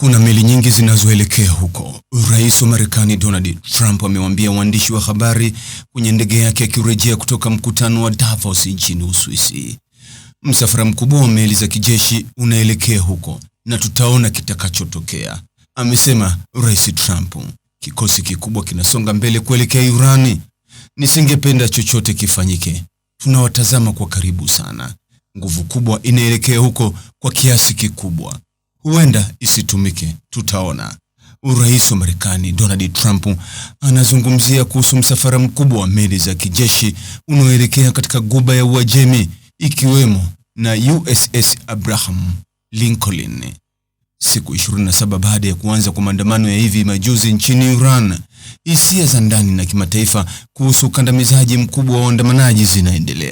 Kuna meli nyingi zinazoelekea huko. Rais wa Marekani Donald Trump amewaambia waandishi wa habari kwenye ndege yake akirejea kutoka mkutano wa Davos nchini Uswisi. Msafara mkubwa wa meli za kijeshi unaelekea huko na tutaona kitakachotokea, amesema Rais Trump. Kikosi kikubwa kinasonga mbele kuelekea Irani. Nisingependa chochote kifanyike. Tunawatazama kwa karibu sana. Nguvu kubwa inaelekea huko kwa kiasi kikubwa huenda isitumike, tutaona. Urais wa Marekani Donald Trump anazungumzia kuhusu msafara mkubwa wa meli za kijeshi unaoelekea katika guba ya Uajemi, ikiwemo na USS Abraham Lincoln. Siku 27 baada ya kuanza kwa maandamano ya hivi majuzi nchini Iran, hisia za ndani na kimataifa kuhusu ukandamizaji mkubwa wa waandamanaji zinaendelea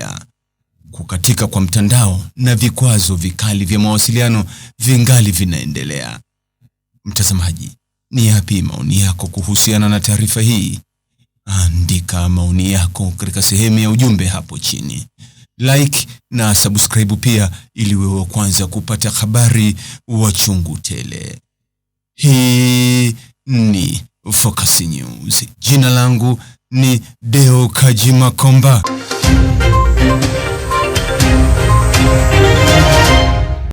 kukatika kwa mtandao na vikwazo vikali vya mawasiliano vingali vinaendelea. Mtazamaji, ni yapi maoni yako kuhusiana na taarifa hii? Andika maoni yako katika sehemu ya ujumbe hapo chini. Like na subscribe pia ili uwe wa kwanza kupata habari wa chungu tele. Hii ni Focus News. Jina langu ni Deo Kaji Makomba.